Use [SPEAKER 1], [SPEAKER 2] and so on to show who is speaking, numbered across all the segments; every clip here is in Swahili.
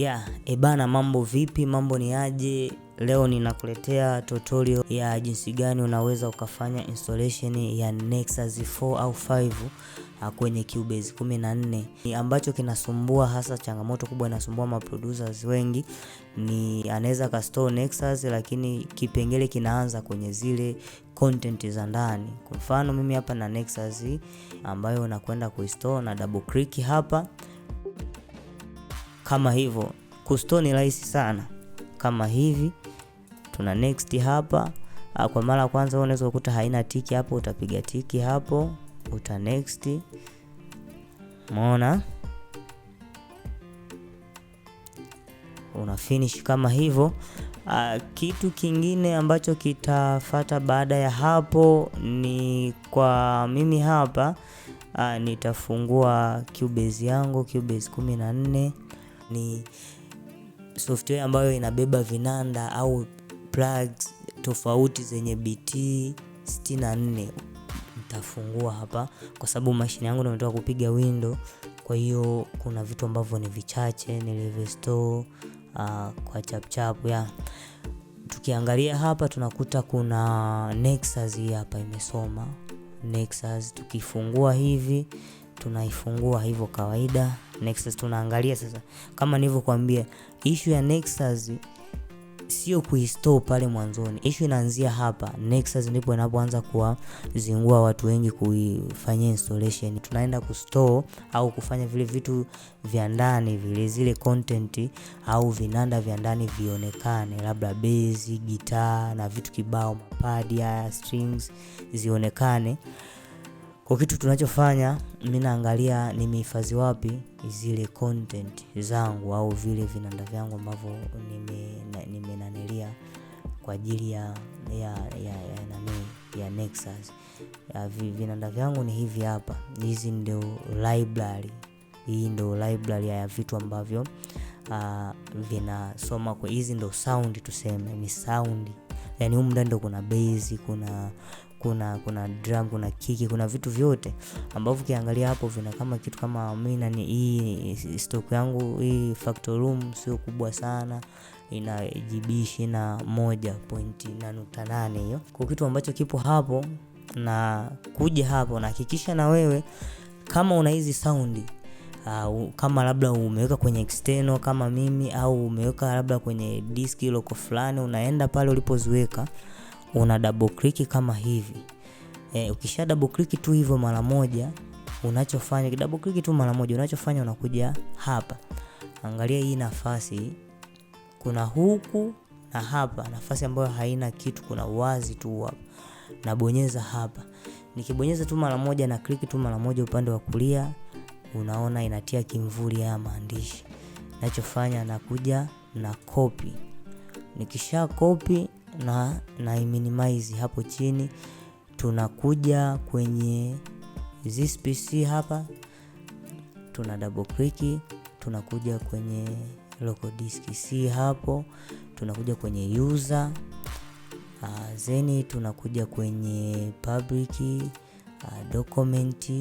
[SPEAKER 1] Yeah, ebana eh mambo vipi? Mambo ni aje? Leo ninakuletea tutorial ya jinsi gani unaweza ukafanya installation ya Nexus 4 au 5 ah, kwenye Cubase 14. Ni ambacho kinasumbua hasa, changamoto kubwa inasumbua maproducers wengi ni anaweza ka store Nexus, lakini kipengele kinaanza kwenye zile content za ndani. Kwa mfano mimi hapa na Nexus ambayo unakwenda kuistore na double click hapa kama hivyo. Kusto ni rahisi sana kama hivi, tuna next hapa. Ah, kwa mara ya kwanza unaweza kukuta haina tiki hapo, utapiga tiki hapo, uta next. Umeona, una finish kama hivyo. Ah, kitu kingine ambacho kitafata baada ya hapo ni kwa mimi hapa, ah, nitafungua Cubase yangu Cubase nne ni software ambayo inabeba vinanda au plugs tofauti zenye BT 64 nitafungua hapa kwa sababu mashine yangu nimetoka kupiga window kwa hiyo kuna vitu ambavyo ni vichache nilivyostore uh, ah, kwa chapchapu ya tukiangalia hapa tunakuta kuna Nexus hii hapa imesoma Nexus tukifungua hivi tunaifungua hivyo kawaida Nexus tunaangalia sasa, kama nilivyokuambia, issue ya Nexus sio kuistore pale mwanzoni, issue inaanzia hapa. Nexus ndipo inapoanza kuwazingua watu wengi kuifanyia installation. Tunaenda kustore au kufanya vile vitu vya ndani vile, zile content au vinanda vya ndani vionekane, labda bezi, gitaa na vitu kibao, mapadi ya strings zionekane. Kwa kitu tunachofanya mimi naangalia nimehifadhi wapi zile content zangu au vile vinanda vyangu ambavyo nimenanilia kwa ajili ya ya ya ya nani ya Nexus. Ya vinanda vyangu ni hivi hapa. Hizi ndio library. Hii ndio library ya vitu ambavyo uh, vinasoma kwa hizi ndio sound tuseme ni sound. yani humu ndio kuna bass, kuna kuna kuna drum, kuna kiki, kuna vitu vyote ambavyo ukiangalia hapo vina kama kitu kama mimi na ni hii stock yangu hii factory room sio kubwa sana ina GB ishirini na moja pointi na nukta nane hiyo kwa kitu ambacho kipo hapo na kuja hapo na hakikisha na wewe kama una hizi saundi Uh, kama labda umeweka kwenye external kama mimi au umeweka labda kwenye diski loko fulani, unaenda pale ulipoziweka una double click kama hivi e, ukisha double click tu hivyo mara moja, unachofanya double click tu mara moja, unachofanya unakuja hapa, angalia hii nafasi, kuna huku na hapa, nafasi ambayo haina kitu, kuna uwazi tu hapa, nabonyeza hapa. Nikibonyeza tu mara moja na click tu mara moja upande wa kulia, unaona inatia kimvuli haya maandishi. Nachofanya nakuja na copy, nikisha copy na, na minimize hapo chini. Tunakuja kwenye this PC hapa, tuna double click, tunakuja kwenye local disk C hapo, tunakuja kwenye user uh, ah, zeni tunakuja kwenye public uh, document,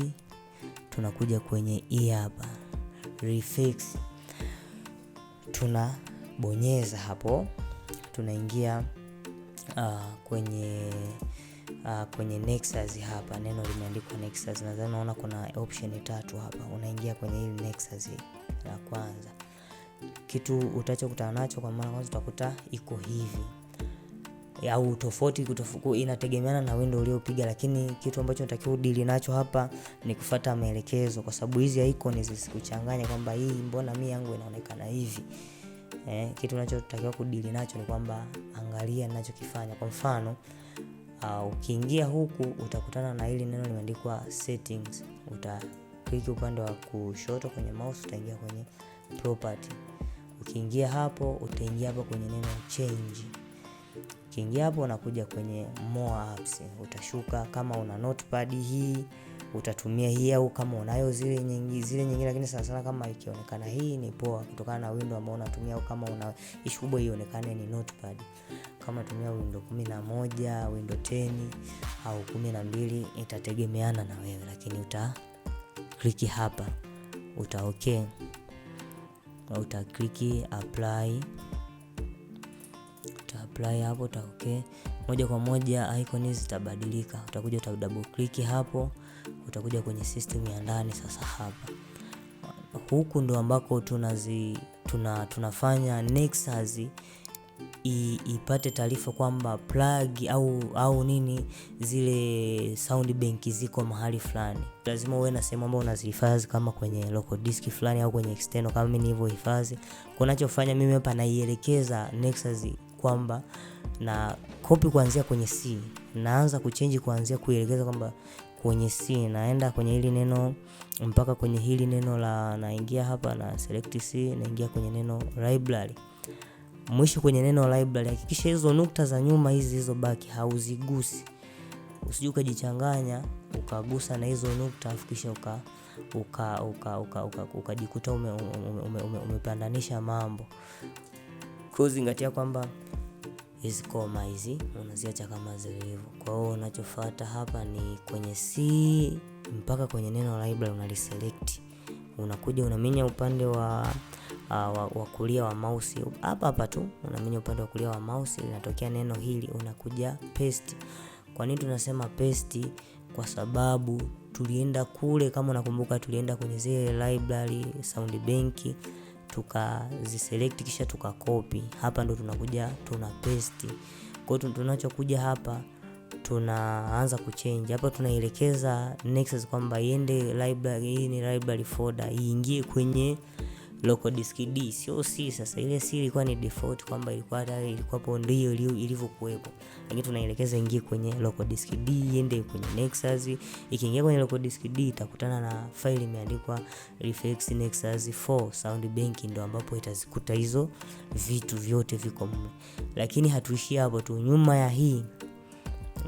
[SPEAKER 1] tunakuja kwenye e hapa refix, tunabonyeza hapo, tunaingia Ah, kwenye uh, kwenye Nexus hapa, neno limeandikwa Nexus. Nadhani naona kuna option tatu hapa, unaingia kwenye hili Nexus la kwanza, kitu utachokutana nacho kwa mara kwanza utakuta iko hivi au tofauti kutofuku, inategemeana na window uliopiga, lakini kitu ambacho natakiwa udili nacho hapa ni kufuata maelekezo, kwa sababu hizi icon zisikuchanganye kwamba hii mbona mi yangu inaonekana hivi eh, kitu unachotakiwa kudili nacho ni kwamba angalia ninachokifanya. Kwa mfano uh, ukiingia huku utakutana na hili neno limeandikwa settings, uta upande wa kushoto kwenye mouse, utaingia kwenye property. Ukiingia hapo, utaingia hapo kwenye neno change Ukiingia hapo unakuja kwenye more apps, utashuka kama una notepad hii utatumia hii, au kama unayo zile nyingi zile nyingine, lakini sana sana kama ikionekana hii ni poa, kutokana na window ambayo unatumia, au kama una issue kubwa ionekane ni notepad. Kama tumia window moja window teni au mbili itategemeana na wewe, lakini uta click hapa, uta okay, uta click apply apply hapo, uta okay, moja kwa moja icon hizi zitabadilika. Utakuja uta double click hapo, utakuja kwenye system ya ndani. Sasa hapa huku ndo ambako tunazi tuna, tunafanya Nexus I, ipate taarifa kwamba plug au, au nini zile sound bank ziko mahali fulani. Lazima uwe na sehemu ambayo unazihifadhi kama kwenye local disk fulani au kwenye external kama mimi nilivyohifadhi. Kunachofanya mimi hapa naielekeza Nexus kwamba na kopi kuanzia kwenye C, naanza kuchange kuanzia kuelekeza kwamba kwenye C naenda kwenye hili neno mpaka kwenye hili neno la, naingia hapa na select C, naingia kwenye neno library, mwisho kwenye neno library. Hakikisha hizo nukta za nyuma hizi hizo baki hauzigusi, usije ukajichanganya ukagusa na hizo nukta afikisha uka ukajikuta uka, uka, uka, uka, uka ume, ume, ume, ume mambo. Kwa zingatia kwamba hizi koma hizi unaziacha kama zilivyo. Kwa hiyo unachofuata hapa ni kwenye C mpaka kwenye neno library unaliselect. Unakuja unaminya upande wa uh, wa, wa kulia wa mouse hapa hapa tu, unaminya upande wa kulia wa mouse, linatokea neno hili, unakuja paste. Kwa nini tunasema paste? Kwa sababu tulienda kule, kama unakumbuka, tulienda kwenye zile library sound banki, tukaziselect kisha tukakopi. Hapa ndo tunakuja tuna paste. Kwa hiyo tunachokuja hapa tunaanza kuchange hapa, tunaelekeza Nexus kwamba iende library, hii ni library folder iingie kwenye local disk D sio C. Sasa ile C ilikuwa ni default kwamba ilikuwa tayari ilikuwa hapo ndio ilivyokuwepo, lakini tunaelekeza ingie kwenye local disk D, iende kwenye Nexus. Ikiingia kwenye local disk D itakutana na file imeandikwa Reflex Nexus 4 Sound Bank, ndio ambapo itazikuta hizo vitu vyote viko mle. Lakini hatuishi hapo tu, nyuma ya hii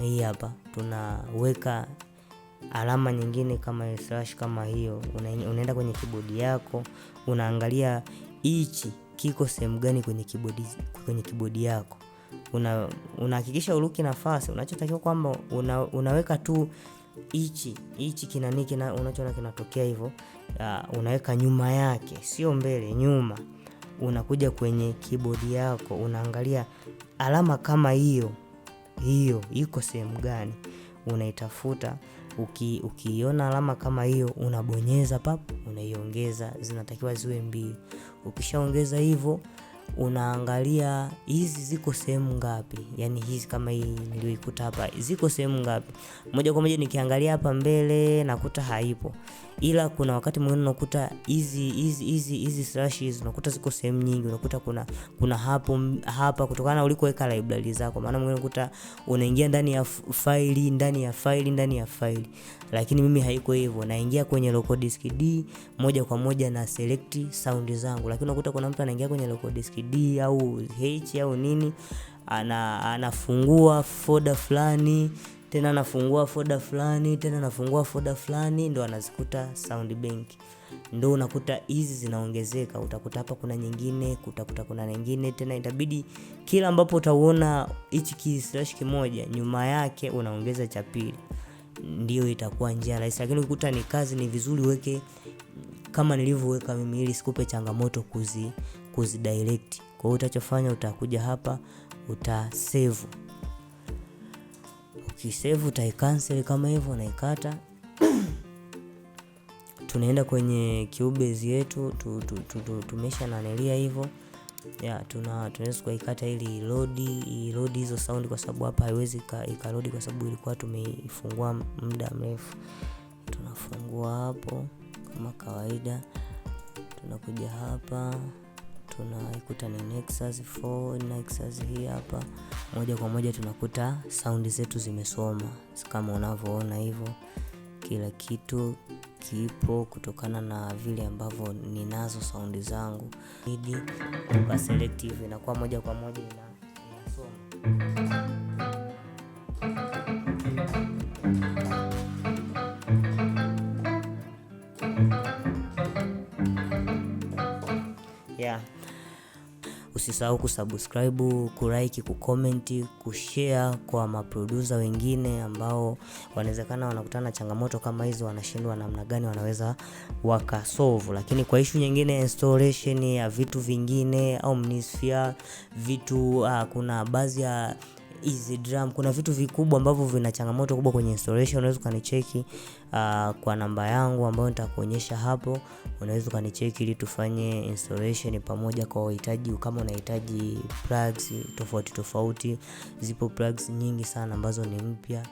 [SPEAKER 1] hii hapa tunaweka alama nyingine kama slash kama hiyo, unaenda kwenye kibodi yako, unaangalia hichi kiko sehemu gani kwenye kibodi, kwenye kibodi yako unahakikisha una uruki nafasi. Unachotakiwa kwamba una, unaweka tu hichi hichi kinani kina, unachoona kinatokea hivyo, uh, unaweka nyuma yake, sio mbele, nyuma. Unakuja kwenye kibodi yako unaangalia alama kama hiyo hiyo iko sehemu gani, unaitafuta uki, ukiona alama kama hiyo unabonyeza pap, unaiongeza. Zinatakiwa ziwe mbili. Ukishaongeza hivyo unaangalia hizi ziko sehemu ngapi, yani hizi kama hii niliyoikuta hapa ziko sehemu ngapi. Moja kwa moja nikiangalia hapa mbele nakuta haipo, ila kuna wakati mwingine unakuta hizi hizi hizi hizi slashes unakuta ziko sehemu nyingi, unakuta kuna kuna hapo hapa, kutokana na ulikoweka library zako. Maana mwingine unakuta unaingia ndani ya faili ndani ya faili ndani ya faili, lakini mimi haiko hivyo, naingia kwenye local disk D moja kwa moja na select sound zangu, lakini unakuta kuna mtu anaingia kwenye local disk kd au h au nini, ana, anafungua foda fulani tena anafungua foda fulani tena anafungua foda fulani, ndo anazikuta sound bank, ndo unakuta hizi zinaongezeka. Utakuta hapa kuna nyingine, utakuta kuna nyingine tena, itabidi kila ambapo utauona hichi ki slash kimoja, nyuma yake unaongeza cha pili, ndio itakuwa njia rahisi. Lakini ukikuta ni kazi, ni vizuri uweke kama nilivyoweka mimi, ili sikupe changamoto kuzi kuzidirect. Kwa hiyo utachofanya utakuja hapa utasave. Ukisave utaicancel kama hivyo, unaikata tunaenda kwenye Cubase yetu tu, tu, tu, tu, tumesha nanelia hivyo ya tuna tunaweza kuikata ili load load hizo sound, kwa sababu hapa haiwezi ikarodi kwa sababu ilikuwa tumeifungua muda mrefu. Tunafungua hapo kama kawaida, tunakuja hapa tunaikuta ni Nexus 4 Nexus hii hapa. Moja kwa moja tunakuta saundi zetu zimesoma kama unavyoona hivyo, kila kitu kipo kutokana na vile ambavyo ninazo saundi zangu, hidi kwa selective inakuwa moja kwa moja inasoma. Usisahau kusubscribe, kulike, kucomment, kushare kwa maproducer wengine ambao wanawezekana wanakutana na changamoto kama hizo, wanashindwa namna gani wanaweza wakasolve. Lakini kwa issue nyingine, installation ya vitu vingine au mnisfia vitu uh, kuna baadhi ya Easy Drum. Kuna vitu vikubwa ambavyo vina changamoto kubwa kwenye installation. Unaweza ukanicheki uh, kwa namba yangu ambayo nitakuonyesha hapo, unaweza ukanicheki ili tufanye installation pamoja. Kwa uhitaji kama unahitaji plugs tofauti tofauti, zipo plugs nyingi sana ambazo ni mpya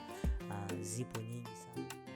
[SPEAKER 1] uh, zipo